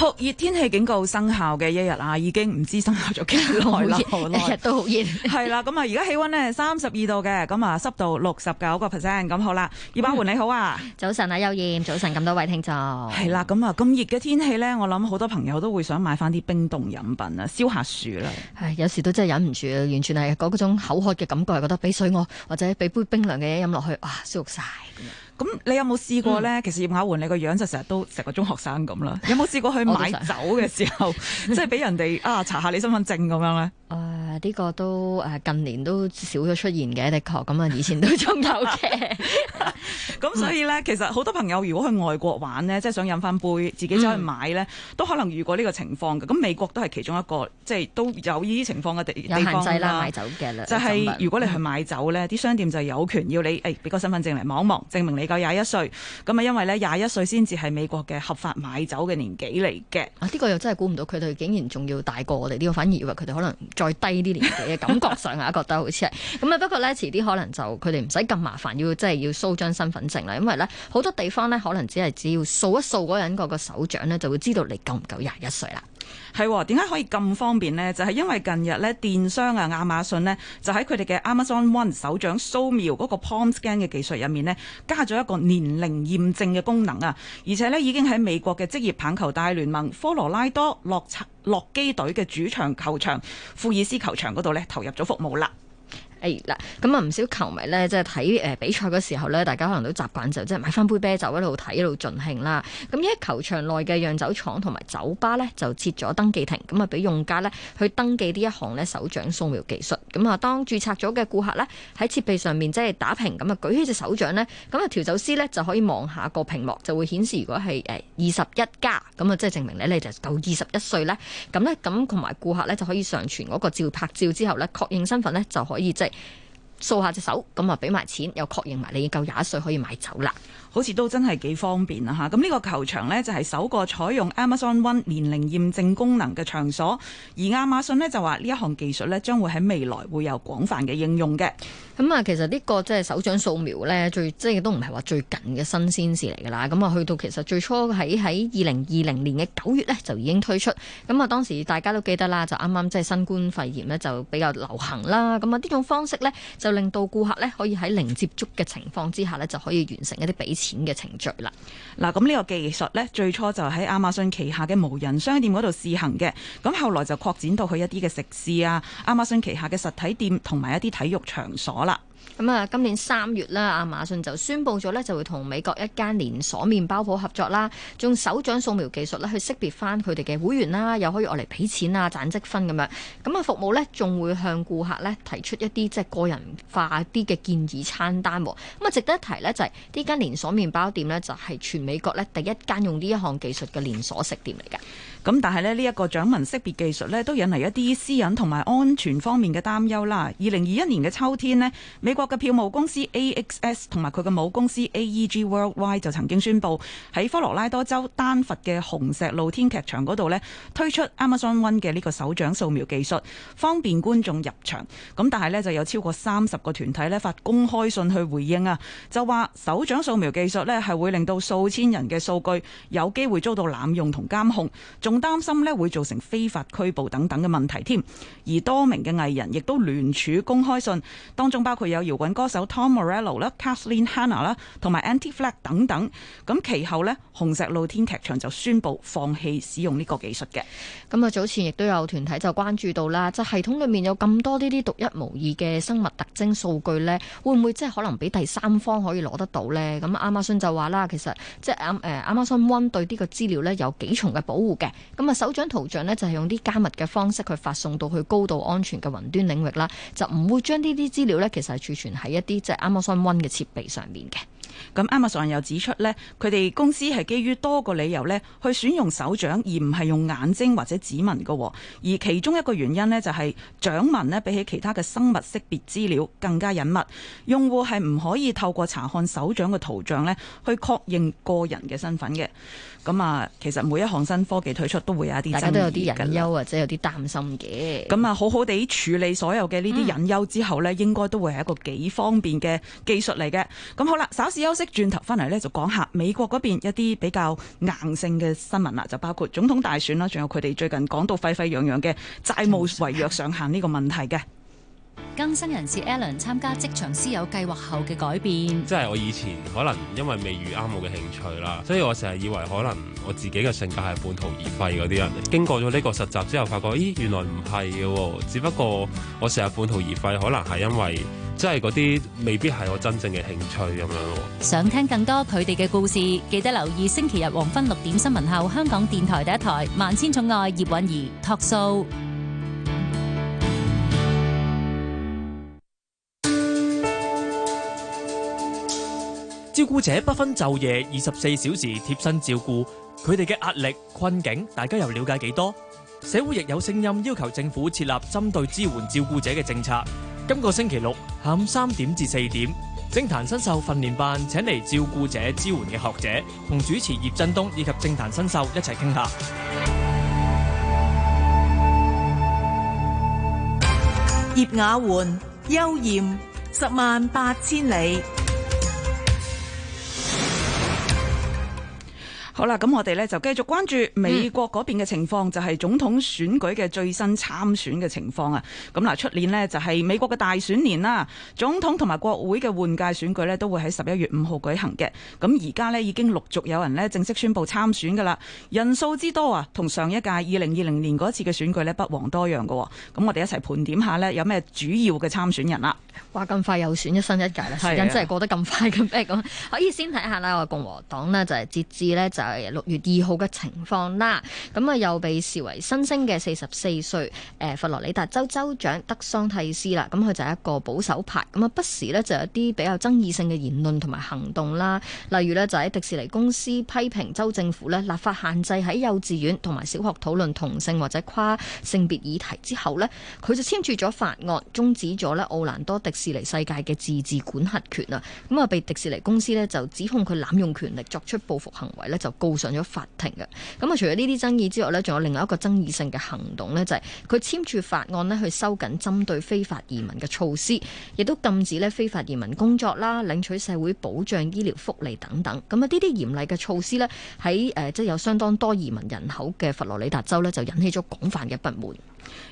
酷熱天氣警告生效嘅一日啊，已經唔知生效咗幾耐啦，日日都好熱。係啦，咁啊，而家氣溫呢，三十二度嘅，咁啊濕度六十九個 percent，咁好啦。葉百媛你好啊，早晨啊，邱燕，早晨咁多位聽眾。係啦，咁啊，咁熱嘅天氣呢，我諗好多朋友都會想買翻啲冰凍飲品啊，消下暑啦。係，有時都真係忍唔住，完全係嗰嗰種口渴嘅感覺，覺得俾水我或者俾杯冰涼嘅嘢飲落去，哇，舒服晒。咁你有冇試過咧？嗯、其實葉雅媛你個樣就成日都成個中學生咁啦。有冇試過去買酒嘅時候，即係俾人哋 啊查下你身份證咁樣咧？呢、啊呢個都誒近年都少咗出現嘅，的確咁啊！以前都仲有嘅，咁所以呢，其實好多朋友如果去外國玩呢，即係想飲翻杯，自己走去買呢，嗯、都可能遇過呢個情況嘅。咁美國都係其中一個，即係都有呢啲情況嘅地方啦。有限制啦、啊、買酒嘅啦。就係如果你去買酒呢，啲、嗯、商店就有權要你誒俾、哎、個身份證嚟望一望，證明你夠廿一歲。咁啊，因為呢，廿一歲先至係美國嘅合法買酒嘅年紀嚟嘅。呢、啊呢個又真係估唔到，佢哋竟然仲要大過我哋。呢個反而以為佢哋可能再低啲。年紀嘅感覺上啊， 我覺得好似係咁啊。不過咧，遲啲可能就佢哋唔使咁麻煩，要即係要 show 張身份證啦。因為咧，好多地方咧，可能只係只要掃一掃嗰個人個個手掌咧，就會知道你夠唔夠廿一歲啦。係喎，點解可以咁方便呢？就係、是、因為近日咧，電商啊，亞馬遜咧，就喺佢哋嘅 Amazon One 手掌掃描嗰個 palm scan 嘅技術入面呢，加咗一個年齡驗證嘅功能啊，而且呢，已經喺美國嘅職業棒球大聯盟科羅拉多洛洛基隊嘅主場球場富爾斯球場嗰度呢，投入咗服務啦。咁啊唔少球迷呢，即係睇比賽嘅時候呢，大家可能都習慣就即係買翻杯啤酒一路睇一路盡興啦。咁呢喺球場內嘅釀酒廠同埋酒吧呢，就設咗登記亭，咁啊俾用家呢去登記呢一行呢手掌掃描技術。咁啊，當註冊咗嘅顧客呢，喺設備上面即係打平，咁啊舉起隻手掌呢，咁啊調酒師呢就可以望下個屏幕就會顯示，如果係二十一加，咁啊即係證明你你就夠二十一歲呢。咁呢，咁同埋顧客呢就可以上傳嗰個照拍照之後呢，確認身份呢就可以即掃下隻手，咁啊，俾埋錢，又確認埋你夠廿一歲可以買酒啦。好似都真係幾方便啊！吓，咁呢個球場咧就係首個採用 Amazon One 年齡驗證功能嘅場所，而亞馬遜咧就話呢一項技術咧將會喺未來會有廣泛嘅應用嘅。咁啊，其實呢個即係手掌掃描咧最即係都唔係話最近嘅新鮮事嚟㗎啦。咁啊，去到其實最初喺喺二零二零年嘅九月咧就已經推出。咁啊，當時大家都記得啦，就啱啱即係新冠肺炎咧就比較流行啦。咁啊，呢種方式咧就令到顧客咧可以喺零接觸嘅情況之下咧就可以完成一啲比。錢嘅程序啦，嗱，咁呢個技術咧，最初就喺亞馬遜旗下嘅無人商店嗰度試行嘅，咁後來就擴展到去一啲嘅食肆啊，亞馬遜旗下嘅實體店同埋一啲體育場所啦。咁啊，今年三月咧，亞馬遜就宣布咗咧，就會同美國一間連鎖麵包鋪合作啦，用手掌掃描技術咧去識別翻佢哋嘅會員啦，又可以攞嚟俾錢啊、賺積分咁樣。咁啊，服務咧仲會向顧客咧提出一啲即係個人化啲嘅建議餐單。咁啊，值得一提咧就係呢間連鎖麵包店咧就係全美國咧第一間用呢一項技術嘅連鎖食店嚟嘅。咁但係咧呢一個掌紋識別技術咧都引嚟一啲私隱同埋安全方面嘅擔憂啦。二零二一年嘅秋天咧，美國嘅票務公司 AXS 同埋佢嘅母公司 AEG Worldwide 就曾經宣布喺科羅拉多州丹佛嘅紅石露天劇場嗰度推出 Amazon One 嘅呢個手掌掃描技術，方便觀眾入場。咁但係呢，就有超過三十個團體咧發公開信去回應啊，就話手掌掃描技術咧係會令到數千人嘅數據有機會遭到濫用同監控，仲擔心咧會造成非法拘捕等等嘅問題添。而多名嘅藝人亦都聯署公開信，當中包括有姚。搵歌手 Tom Morello 啦、Kathleen Hanna 啦、同埋 Anti-Flag 等等，咁其後呢，紅石露天劇場就宣布放棄使用呢個技術嘅。咁啊，早前亦都有團體就關注到啦，即係、系統裡面有咁多呢啲獨一無二嘅生物特徵數據呢會唔會即係可能俾第三方可以攞得到呢？咁亞馬遜就話啦，其實即係亞誒亞馬遜 One 對呢個資料呢有幾重嘅保護嘅。咁啊，手掌圖像呢就係用啲加密嘅方式去發送到去高度安全嘅雲端領域啦，就唔會將呢啲資料呢其實係儲。存喺一啲即係 Amazon One 嘅設備上面嘅。咁 Amazon 又指出咧，佢哋公司係基於多個理由呢去選用手掌而唔係用眼睛或者指紋噶、哦。而其中一個原因呢就係、是、掌紋比起其他嘅生物識別資料更加隱密，用戶係唔可以透過查看手掌嘅圖像呢去確認個人嘅身份嘅。咁啊，其實每一項新科技推出都會有一啲爭議，大家都有啲隱憂或者有啲擔心嘅。咁啊，好好地處理所有嘅呢啲隱憂之後咧，嗯、應該都會係一個幾方便嘅技術嚟嘅。咁好啦，稍。休息轉頭翻嚟咧，就講下美國嗰邊一啲比較硬性嘅新聞啦，就包括總統大選啦，仲有佢哋最近講到沸沸揚揚嘅債務違約上限呢個問題嘅。更新人士 Alan 參加職場私有計劃後嘅改變，即係我以前可能因為未遇啱我嘅興趣啦，所以我成日以為可能我自己嘅性格係半途而廢嗰啲人。經過咗呢個實習之後，發覺咦原來唔係嘅，只不過我成日半途而廢，可能係因為。真係嗰啲未必係我真正嘅興趣咁樣。想聽更多佢哋嘅故事，記得留意星期日黃昏六點新聞後，香港電台第一台《萬千寵愛葉蘊儀》talk show。照顧者不分晝夜，二十四小時貼身照顧，佢哋嘅壓力、困境，大家又了解幾多？社會亦有聲音要求政府設立針對支援照顧者嘅政策。今個星期六下午三點至四點，政壇新秀訓練班請嚟照顧者支援嘅學者，同主持葉振東以及政壇新秀一齊傾下。葉雅媛，幽艷，十萬八千里。好啦，咁我哋呢就繼續關注美國嗰邊嘅情況，嗯、就係總統選舉嘅最新參選嘅情況啊。咁嗱，出年呢就係美國嘅大選年啦，總統同埋國會嘅換屆選舉呢，都會喺十一月五號舉行嘅。咁而家呢，已經陸續有人呢正式宣布參選噶啦，人數之多啊，同上一屆二零二零年嗰次嘅選舉呢，不遑多讓噶。咁我哋一齊盤點下呢，有咩主要嘅參選人啦，啊。哇咁快又選一新一屆啦，時間真係過得咁快咁咩咁？啊、 可以先睇下啦，我共和黨呢，就係截至呢。就。六月二號嘅情況啦，咁啊又被視為新星嘅四十四歲誒佛羅里達州州長德桑蒂斯啦，咁佢就係一個保守派，咁啊不時呢就有啲比較爭議性嘅言論同埋行動啦，例如呢，就喺迪士尼公司批評州政府呢立法限制喺幼稚園同埋小學討論同性或者跨性別議題之後呢，佢就簽署咗法案終止咗呢，奧蘭多迪士尼世界嘅自治管轄權啊，咁啊被迪士尼公司呢就指控佢濫用權力作出報復行為呢就。告上咗法庭嘅，咁啊，除咗呢啲爭議之外呢，仲有另外一個爭議性嘅行動呢，就係佢簽署法案呢去收緊針對非法移民嘅措施，亦都禁止咧非法移民工作啦、領取社會保障醫療福利等等。咁啊，呢啲嚴厲嘅措施呢，喺誒即係有相當多移民人口嘅佛羅里達州呢，就引起咗廣泛嘅不滿。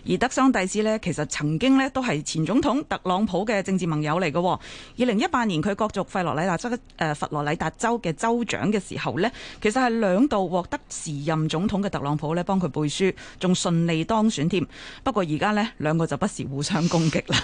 而德桑蒂斯呢，其實曾經呢都係前總統特朗普嘅政治盟友嚟嘅喔。二零一八年佢角逐佛羅里達州誒、呃、佛羅里達州嘅州長嘅時候呢，其實係兩度獲得時任總統嘅特朗普呢幫佢背書，仲順利當選添。不過而家呢，兩個就不時互相攻擊啦。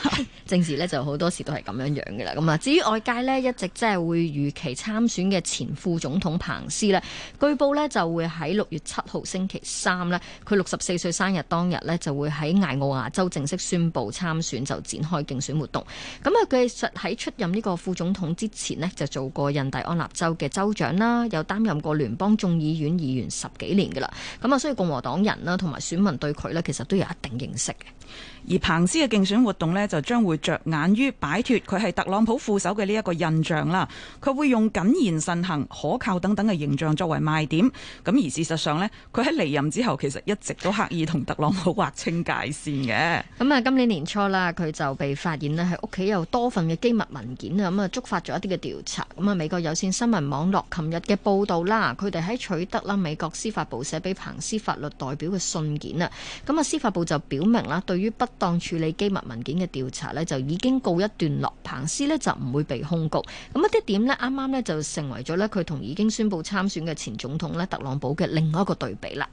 政治呢就好多時都係咁樣樣嘅啦。咁啊，至於外界呢，一直即係會預期參選嘅前副總統彭斯呢，據報呢就會喺六月七號星期三呢，佢六十四歲生日當日呢就會喺艾奧瓦州正式宣佈參選，就展開競選活動，咁啊佢實喺出任呢個副總統之前呢就做過印第安納州嘅州長啦，又擔任過聯邦眾議院議員十幾年噶啦，咁啊所以共和黨人啦同埋選民對佢呢，其實都有一定認識嘅。而彭斯嘅競選活動呢，就將會着眼於擺脫佢係特朗普副手嘅呢一個印象啦。佢會用謹言慎行、可靠等等嘅形象作為賣點。咁而事實上呢，佢喺離任之後，其實一直都刻意同特朗普劃清界線嘅。咁啊，今年年初啦，佢就被發現呢喺屋企有多份嘅機密文件啊，咁啊，觸發咗一啲嘅調查。咁啊，美國有線新聞網絡琴日嘅報道啦，佢哋喺取得啦美國司法部寫俾彭斯法律代表嘅信件啊。咁啊，司法部就表明啦，對於於不當處理機密文件嘅調查咧，就已經告一段落。彭斯咧就唔會被控告，咁一啲點咧，啱啱咧就成為咗咧，佢同已經宣布參選嘅前總統咧特朗普嘅另外一個對比啦。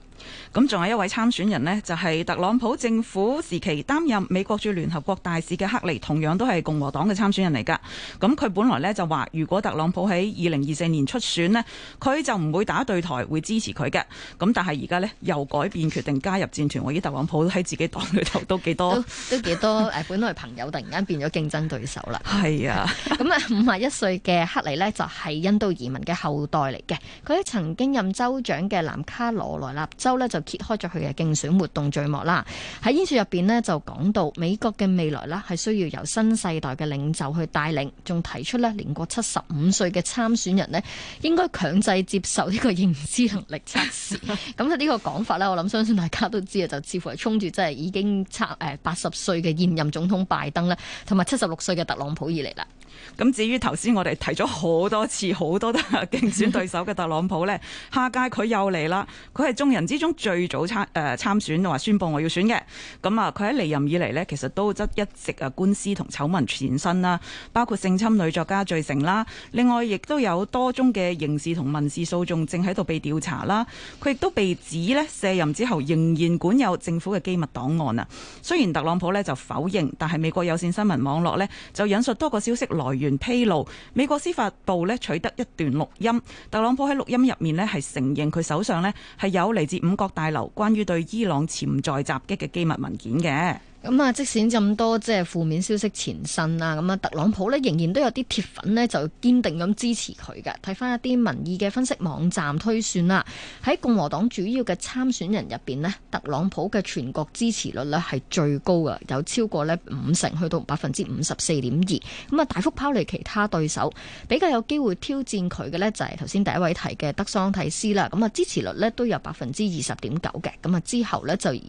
咁仲有一位參選人呢，就係、是、特朗普政府時期擔任美國駐聯合國大使嘅克里，同樣都係共和黨嘅參選人嚟噶。咁佢本來呢，就話，如果特朗普喺二零二四年出選呢，佢就唔會打對台，會支持佢嘅。咁但係而家呢，又改變決定，加入戰團。我依特朗普喺自己黨裏頭都， 都，都幾多都幾多誒，本來朋友突然間變咗競爭對手啦。係是啊，咁啊五十一歲嘅克里呢，就係印度移民嘅後代嚟嘅。佢曾經任州長嘅南卡羅來納州。咧就揭開咗佢嘅競選活動序幕啦。喺演說入邊呢，就講到美國嘅未來呢，係需要由新世代嘅領袖去帶領。仲提出呢，年過七十五歲嘅參選人呢，應該強制接受呢個認知能力測試。咁呢 個講法呢，我諗相信大家都知啊，就似乎係衝住即係已經測誒八十歲嘅現任總統拜登咧，同埋七十六歲嘅特朗普而嚟啦。咁至於頭先我哋提咗好多次，好多都競選對手嘅特朗普呢， 下屆佢又嚟啦。佢係眾人之。中最早參誒、呃、參選話宣佈我要選嘅，咁啊佢喺離任以嚟呢，其實都則一直啊官司同醜聞纏身啦，包括性侵女作家罪成啦，另外亦都有多宗嘅刑事同民事訴訟正喺度被調查啦。佢亦都被指呢，卸任之後仍然管有政府嘅機密檔案啊。雖然特朗普呢就否認，但係美國有線新聞網絡呢，就引述多個消息來源披露，美國司法部呢，取得一段錄音，特朗普喺錄音入面呢，係承認佢手上呢，係有嚟自五角大樓關於對伊朗潛在襲擊嘅機密文件嘅。咁啊，即使咁多即係負面消息前身啊，咁啊，特朗普咧仍然都有啲鐵粉咧，就堅定咁支持佢嘅。睇翻一啲民意嘅分析網站推算啦，喺共和黨主要嘅參選人入邊咧，特朗普嘅全國支持率咧係最高嘅，有超過咧五成，去到百分之五十四點二，咁啊大幅拋離其他對手，比較有機會挑戰佢嘅咧就係頭先第一位提嘅德桑蒂斯啦。咁啊支持率咧都有百分之二十點九嘅，咁啊之後咧就誒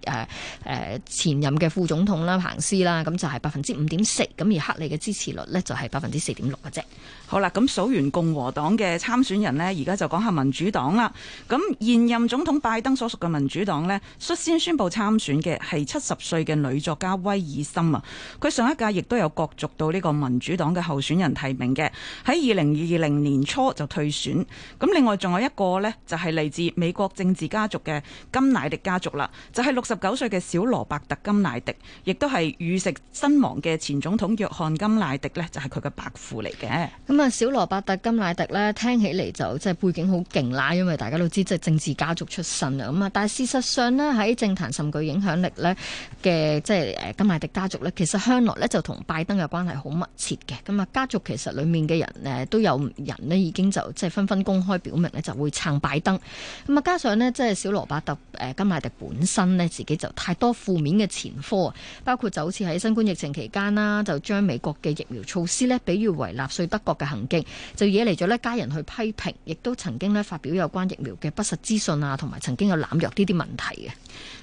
誒前任嘅副總。總統彭斯咁就係百分之五點四，咁而克利嘅支持率呢就係百分之四點六嘅啫。好啦，咁數完共和黨嘅參選人呢，而家就講下民主黨啦。咁現任總統拜登所屬嘅民主黨呢，率先宣布參選嘅係七十歲嘅女作家威爾森啊。佢上一屆亦都有角逐到呢個民主黨嘅候選人提名嘅，喺二零二零年初就退選。咁另外仲有一個呢，就係嚟自美國政治家族嘅甘乃迪家族啦，就係六十九歲嘅小羅伯特甘乃迪。亦都係遇刺身亡嘅前總統約翰甘迺迪呢就係佢嘅伯父嚟嘅。咁啊，小羅伯特甘迺迪呢，聽起嚟就即係背景好勁啦，因為大家都知即係政治家族出身啊。咁啊，但係事實上呢，喺政壇甚具影響力呢嘅，即係誒甘迺迪家族呢，其實向來呢就同拜登嘅關係好密切嘅。咁啊，家族其實裡面嘅人誒都有人呢已經就即係紛紛公開表明呢，就會撐拜登。咁啊，加上呢，即係小羅伯特誒甘迺迪本身呢，自己就太多負面嘅前科。包括就好似喺新冠疫情期間啦，就將美國嘅疫苗措施呢比喻為納粹德國嘅行徑，就惹嚟咗呢家人去批評，亦都曾經呢發表有關疫苗嘅不實資訊啊，同埋曾經有濫藥呢啲問題嘅。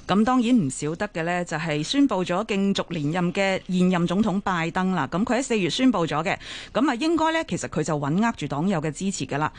咁當然唔少得嘅呢，就係宣布咗競逐連任嘅現任總統拜登啦。咁佢喺四月宣布咗嘅，咁啊應該呢，其實佢就穩握住黨友嘅支持噶啦。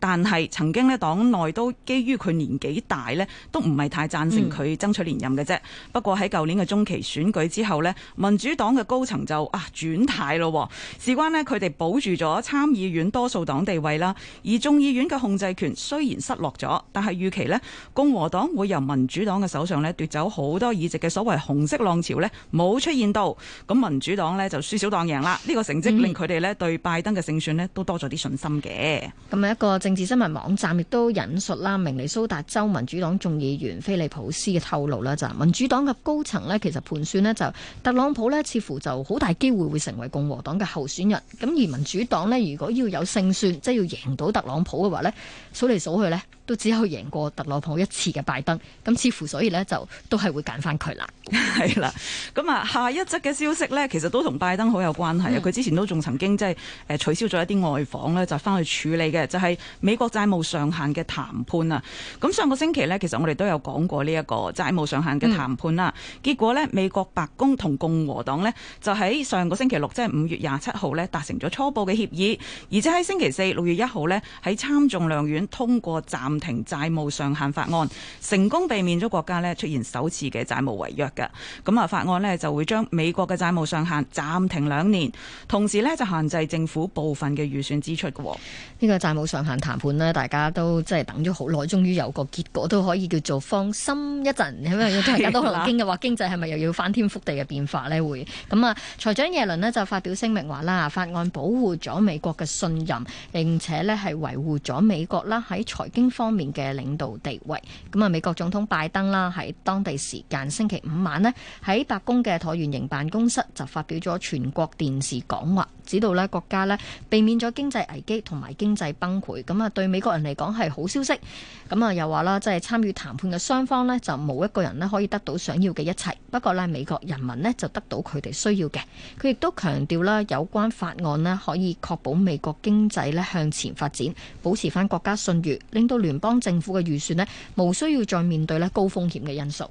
但係曾經咧，黨內都基於佢年紀大咧，都唔係太贊成佢爭取連任嘅啫。嗯、不過喺舊年嘅中期選舉之後呢，民主黨嘅高層就啊轉態咯。事關呢，佢哋保住咗參議院多數黨地位啦，而眾議院嘅控制權雖然失落咗，但係預期呢，共和黨會由民主黨嘅手上咧奪走好多議席嘅所謂紅色浪潮呢冇出現到，咁民主黨呢就輸少當贏啦。呢、呢個成績令佢哋咧對拜登嘅勝算咧都多咗啲信心嘅。咁一個。嗯政治新聞網站亦都引述啦，明尼蘇達州民主黨眾議員菲利普斯嘅透露啦，就民主黨嘅高層呢，其實盤算呢，就特朗普呢，似乎就好大機會會成為共和黨嘅候選人。咁而民主黨呢，如果要有勝算，即係要贏到特朗普嘅話呢，數嚟數去呢。都只有贏過特朗普一次嘅拜登，咁似乎所以呢，就都係會揀翻佢啦。係啦，咁啊下一則嘅消息呢，其實都同拜登好有關係啊。佢、嗯、之前都仲曾經即係、呃、取消咗一啲外訪呢，就翻去處理嘅，就係、是、美國債務上限嘅談判啊。咁上個星期呢，其實我哋都有講過呢一個債務上限嘅談判啦。嗯、結果呢，美國白宮同共和黨呢，就喺上個星期六，即係五月廿七號呢，達成咗初步嘅協議，而且喺星期四六月一號呢，喺參眾兩院通過暫停債務上限法案，成功避免咗國家咧出現首次嘅債務違約嘅，咁啊，法案咧就會將美國嘅債務上限暫停兩年，同時咧就限制政府部分嘅預算支出嘅。呢個債務上限談判咧，大家都即係等咗好耐，終於有個結果，都可以叫做放心一陣，因為大家都好驚嘅話係，嘅經濟係咪又要翻天覆地嘅變化咧？會，咁啊，財長耶倫咧就發表聲明話啦，法案保護咗美國嘅信任，並且咧係維護咗美國啦喺財經方。方面嘅領導地位，咁啊，美國總統拜登啦，喺當地時間星期五晚咧，喺白宮嘅橢圓形辦公室就發表咗全國電視講話。指導咧國家咧避免咗經濟危機同埋經濟崩潰，咁啊對美國人嚟講係好消息。咁啊又話啦，即係參與談判嘅雙方咧，就冇一個人咧可以得到想要嘅一切。不過咧，美國人民咧就得到佢哋需要嘅。佢亦都強調啦，有關法案咧可以確保美國經濟咧向前發展，保持返國家信譽，令到聯邦政府嘅預算咧無需要再面對咧高風險嘅因素。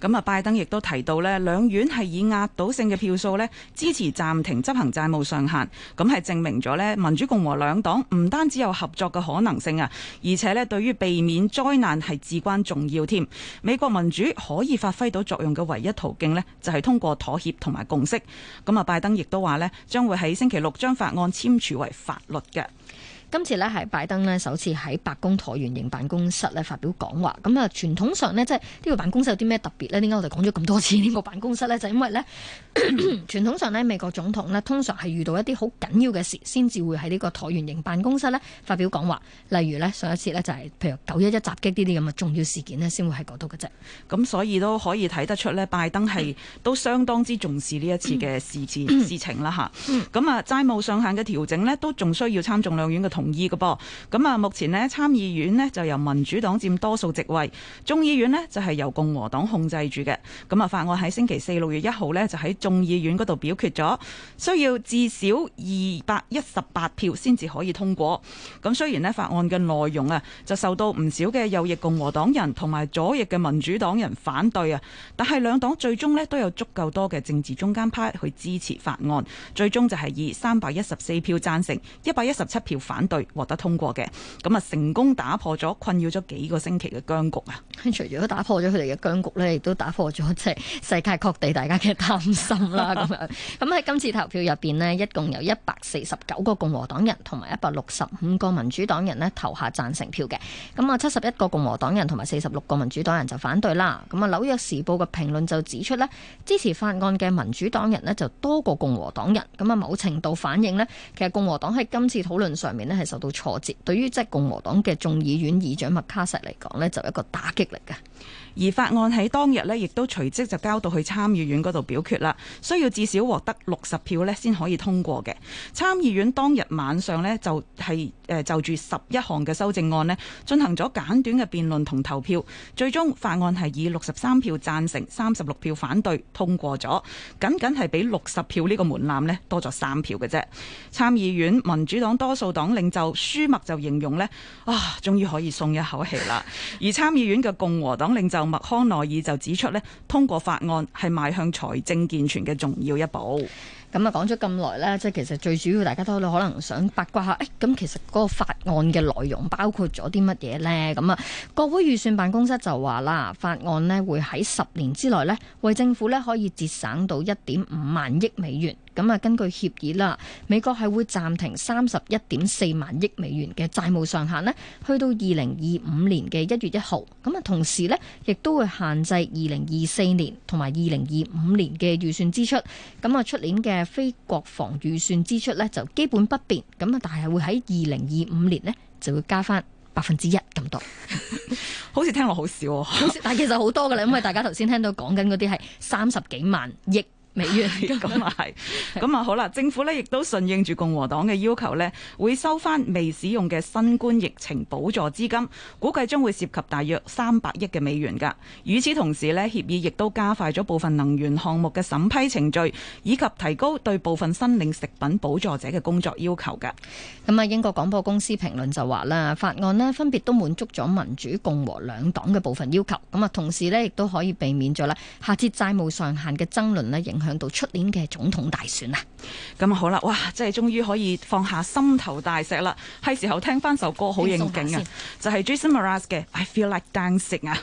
咁啊，拜登亦都提到呢，兩院係以壓倒性嘅票數呢支持暫停執行債務上限，咁係證明咗呢民主共和兩黨唔單止有合作嘅可能性啊，而且呢對於避免災難係至關重要添。美國民主可以發揮到作用嘅唯一途徑呢就係通過妥協同埋共識。咁啊，拜登亦都話呢將會喺星期六將法案簽署為法律嘅。今次呢，係拜登呢首次喺白宮橢圓形辦公室呢發表講話，咁啊傳統上呢，即係呢個辦公室有啲咩特別呢？點解我哋講咗咁多次呢個辦公室呢？就因為呢， 傳統上呢，美國總統呢，通常係遇到一啲好緊要嘅事，先至會喺呢個橢圓形辦公室呢發表講話。例如呢，上一次呢，就係譬如九一一襲擊呢啲咁嘅重要事件呢，先會喺嗰度嘅啫。咁所以都可以睇得出呢，拜登係、嗯、都相當之重視呢一次嘅事事、嗯、 事情啦嚇。咁啊債務上限嘅調整呢，都仲需要參眾兩院嘅。同意嘅噃，咁啊，目前呢，參議院呢就由民主黨佔多數席位，眾議院呢就係由共和黨控制住嘅。咁啊，法案喺星期四六月一號呢就喺眾議院嗰度表決咗，需要至少二百一十八票先至可以通過。咁雖然呢，法案嘅內容啊，就受到唔少嘅右翼共和黨人同埋左翼嘅民主黨人反對啊，但係兩黨最終呢都有足夠多嘅政治中間派去支持法案，最終就係以三百一十四票贊成，一百一十七票反對。對獲得通過嘅，咁啊成功打破咗困擾咗幾個星期嘅僵局啊！除咗打破咗佢哋嘅僵局咧，亦都打破咗即係世界各地大家嘅擔心啦。咁 樣，咁喺今次投票入邊呢，一共有一百四十九個共和黨人同埋一百六十五個民主黨人呢投下贊成票嘅。咁啊，七十一個共和黨人同埋四十六個民主黨人就反對啦。咁啊，《紐約時報》嘅評論就指出呢，支持法案嘅民主黨人呢就多過共和黨人。咁啊，某程度反映呢，其實共和黨喺今次討論上面呢。係受到挫折，對於即係共和黨嘅眾議院議長麥卡錫嚟講呢，就一個打擊力嘅。而法案喺當日呢，亦都隨即就交到去參議院嗰度表決啦。需要至少獲得六十票呢，先可以通過嘅。參議院當日晚上呢，就係誒、呃、就住十一項嘅修正案呢，進行咗簡短嘅辯論同投票。最終法案係以六十三票贊成、三十六票反對通過咗，僅僅係比六十票呢個門檻呢多咗三票嘅啫。參議院民主黨多數黨領袖舒默就形容呢：「啊，終於可以鬆一口氣啦。 而參議院嘅共和黨領袖麥康奈爾就指出咧，通過法案係邁向財政健全嘅重要一步。咁啊，講咗咁耐咧，即係其實最主要，大家都可能想八卦下，誒、哎，咁其實嗰個法案嘅內容包括咗啲乜嘢咧？咁啊，國會預算辦公室就話啦，法案咧會喺十年之內咧，為政府咧可以節省到一點五萬億美元。咁啊，根據協議啦，美國係會暫停三十一點四萬億美元嘅債務上限咧，去到二零二五年嘅一月一號。咁啊，同時呢，亦都會限制二零二四年同埋二零二五年嘅預算支出。咁啊，出年嘅非國防預算支出呢，就基本不變。咁啊，但係會喺二零二五年呢，就會加翻百分之一咁多。 好似聽落好少，哦 好似，但係其實好多噶啦，因為大家頭先聽到講緊嗰啲係三十幾萬億美元咁啊係，咁啊 好啦，政府咧亦都順應住共和黨嘅要求咧，會收翻未使用嘅新冠疫情補助資金，估計將會涉及大約三百億嘅美元噶。與此同時咧，協議亦都加快咗部分能源項目嘅審批程序，以及提高對部分新領食品補助者嘅工作要求噶。咁啊，英國廣播公司評論就話啦，法案咧分別都滿足咗民主共和兩黨嘅部分要求，咁啊同時咧亦都可以避免咗啦下次債務上限嘅爭論咧影響。響到出年嘅總統大選啊！咁啊好啦，哇，真係終於可以放下心頭大石啦，係時候聽翻首歌好應景啊，就係 Jason Mraz 嘅《I Feel Like Dancing》啊。